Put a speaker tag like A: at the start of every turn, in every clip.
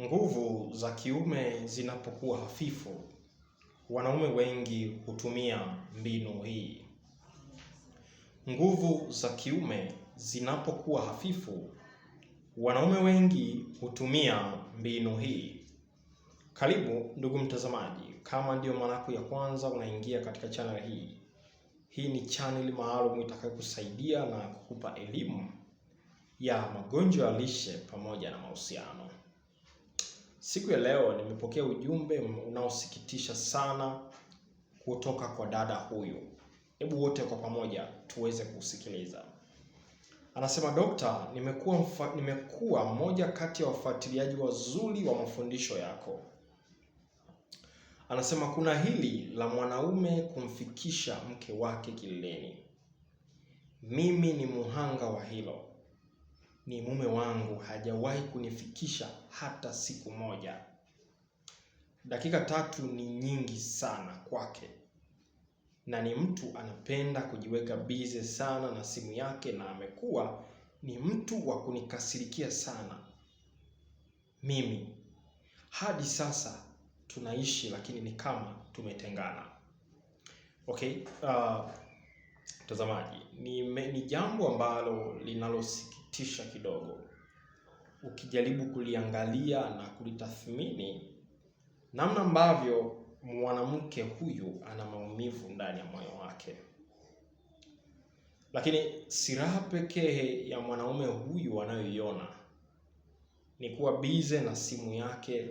A: Nguvu za kiume zinapokuwa hafifu, wanaume wengi hutumia mbinu hii. Nguvu za kiume zinapokuwa hafifu, wanaume wengi hutumia mbinu hii. Karibu ndugu mtazamaji, kama ndiyo mara yako ya kwanza unaingia katika channel hii, hii ni channel maalum itakayokusaidia na kukupa elimu ya magonjwa ya lishe pamoja na mahusiano. Siku ya leo nimepokea ujumbe unaosikitisha sana kutoka kwa dada huyu. Hebu wote kwa pamoja tuweze kusikiliza. Anasema, Dokta, nimekuwa nimekuwa mmoja kati ya wafuatiliaji wazuri wa mafundisho yako. Anasema kuna hili la mwanaume kumfikisha mke wake kileleni. Mimi ni muhanga wa hilo ni mume wangu, hajawahi kunifikisha hata siku moja. Dakika tatu ni nyingi sana kwake, na ni mtu anapenda kujiweka bize sana na simu yake, na amekuwa ni mtu wa kunikasirikia sana mimi. Hadi sasa tunaishi, lakini ni kama tumetengana. Okay, uh, mtazamaji, ni, ni jambo ambalo linalosikia tisha kidogo ukijaribu kuliangalia na kulitathmini namna ambavyo mwanamke huyu ana maumivu ndani ya moyo wake. Lakini silaha pekee ya mwanaume huyu anayoiona ni kuwa bize na simu yake,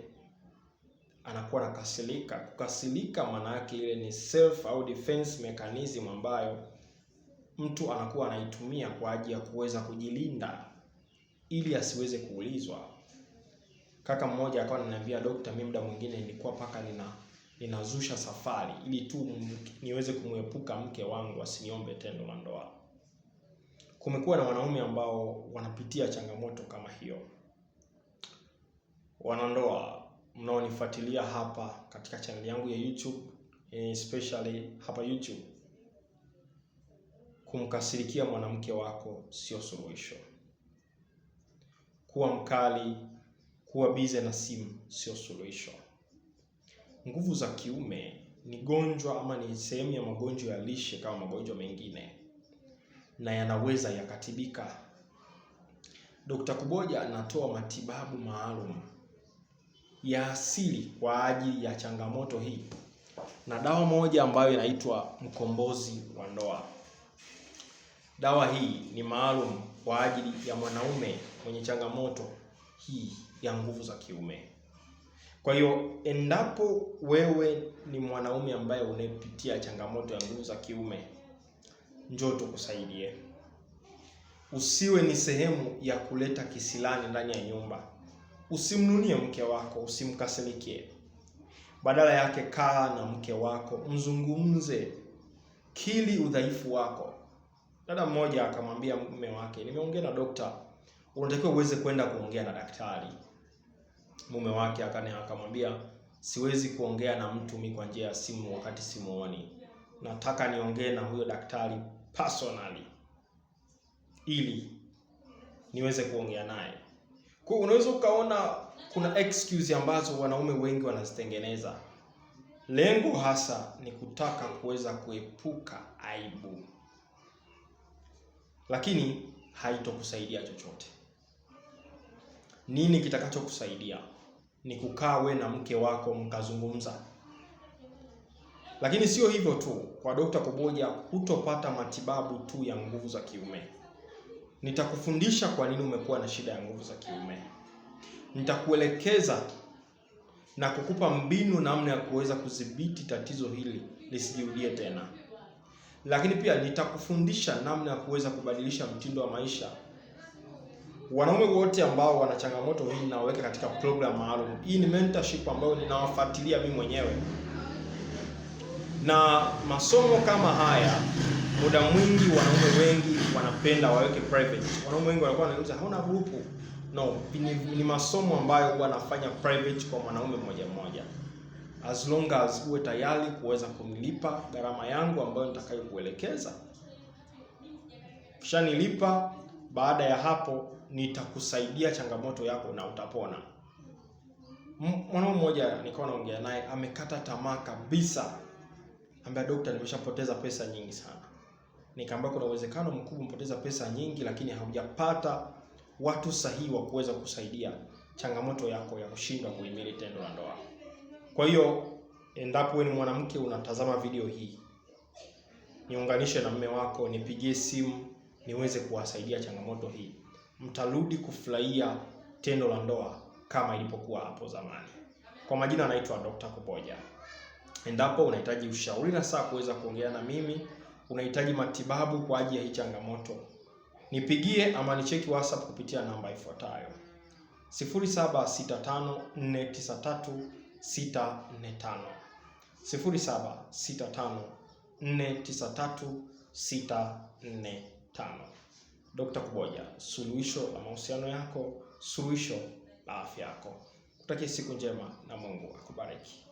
A: anakuwa nakasilika Kukasirika maana yake ile ni self au defense mechanism ambayo mtu anakuwa anaitumia kwa ajili ya kuweza kujilinda ili asiweze kuulizwa. Kaka mmoja akawa ananiambia, dokta, mimi muda mwingine nilikuwa paka nina ninazusha safari ili tu niweze kumwepuka mke wangu asiniombe tendo la ndoa. Kumekuwa na wanaume ambao wanapitia changamoto kama hiyo. Wanandoa mnaonifuatilia hapa katika chaneli yangu ya YouTube eh, especially hapa YouTube, kumkasirikia mwanamke wako sio suluhisho. Kuwa mkali, kuwa bize na simu sio suluhisho. Nguvu za kiume ni gonjwa ama ni sehemu ya magonjwa ya lishe kama magonjwa mengine, na yanaweza yakatibika. dokta Kuboja anatoa matibabu maalum ya asili kwa ajili ya changamoto hii na dawa moja ambayo inaitwa mkombozi wa ndoa. Dawa hii ni maalum kwa ajili ya mwanaume mwenye changamoto hii ya nguvu za kiume. Kwa hiyo endapo wewe ni mwanaume ambaye unapitia changamoto ya nguvu za kiume, njoo tukusaidie. Usiwe ni sehemu ya kuleta kisilani ndani ya nyumba. Usimnunie mke wako, usimkasirikie. Badala yake, kaa na mke wako, mzungumze, kili udhaifu wako, Dada mmoja akamwambia mume wake, nimeongea na dokta, unatakiwa uweze kwenda kuongea na daktari. Mume wake akamwambia, siwezi kuongea na mtu mimi kwa njia ya simu wakati simuoni, nataka niongee na huyo daktari personally ili niweze kuongea naye. Kwa hiyo unaweza ukaona kuna excuse ambazo wanaume wengi wanazitengeneza, lengo hasa ni kutaka kuweza kuepuka aibu lakini haitokusaidia chochote. Nini kitakachokusaidia? Ni kukaa we na mke wako mkazungumza. Lakini sio hivyo tu, kwa Dokta Kuboja hutopata matibabu tu ya nguvu za kiume. Nitakufundisha kwa nini umekuwa na shida ya nguvu za kiume, nitakuelekeza na kukupa mbinu namna ya kuweza kudhibiti tatizo hili lisijirudie tena lakini pia nitakufundisha namna ya kuweza kubadilisha mtindo wa maisha. Wanaume wote ambao wana changamoto hii ninaweka katika program maalum. Hii ni mentorship ambayo ninawafuatilia mimi mwenyewe, na masomo kama haya muda mwingi wanaume wengi wanapenda waweke private. Wanaume wengi wanakuwa wanauliza hauna grupu? No, ni, ni masomo ambayo wanafanya private kwa mwanaume mmoja mmoja as long as uwe tayari kuweza kunilipa gharama yangu ambayo nitakayokuelekeza. Kisha nilipa, baada ya hapo nitakusaidia changamoto yako na utapona. Mwanaume mmoja nikawa naongea naye, amekata tamaa kabisa, ambaye daktari, nimeshapoteza pesa nyingi sana. Nikamwambia kuna uwezekano mkubwa mpoteza pesa nyingi, lakini haujapata watu sahihi wa kuweza kusaidia changamoto yako ya kushindwa kuhimili tendo la ndoa. Kwa hiyo endapo wewe ni mwanamke unatazama video hii, niunganishe na mme wako, nipigie simu niweze kuwasaidia changamoto hii. Mtarudi kufurahia tendo la ndoa kama ilipokuwa hapo zamani. Kwa majina anaitwa Dr. Kuboja. Endapo unahitaji ushauri na saa kuweza kuongea na mimi, unahitaji matibabu kwa ajili ya hii changamoto, nipigie ama nicheki WhatsApp kupitia namba ifuatayo: 07654933 645 0765 493 Dr. Kuboja, suluhisho la mahusiano yako, suluhisho la afya yako. Kutakia siku njema na Mungu akubariki.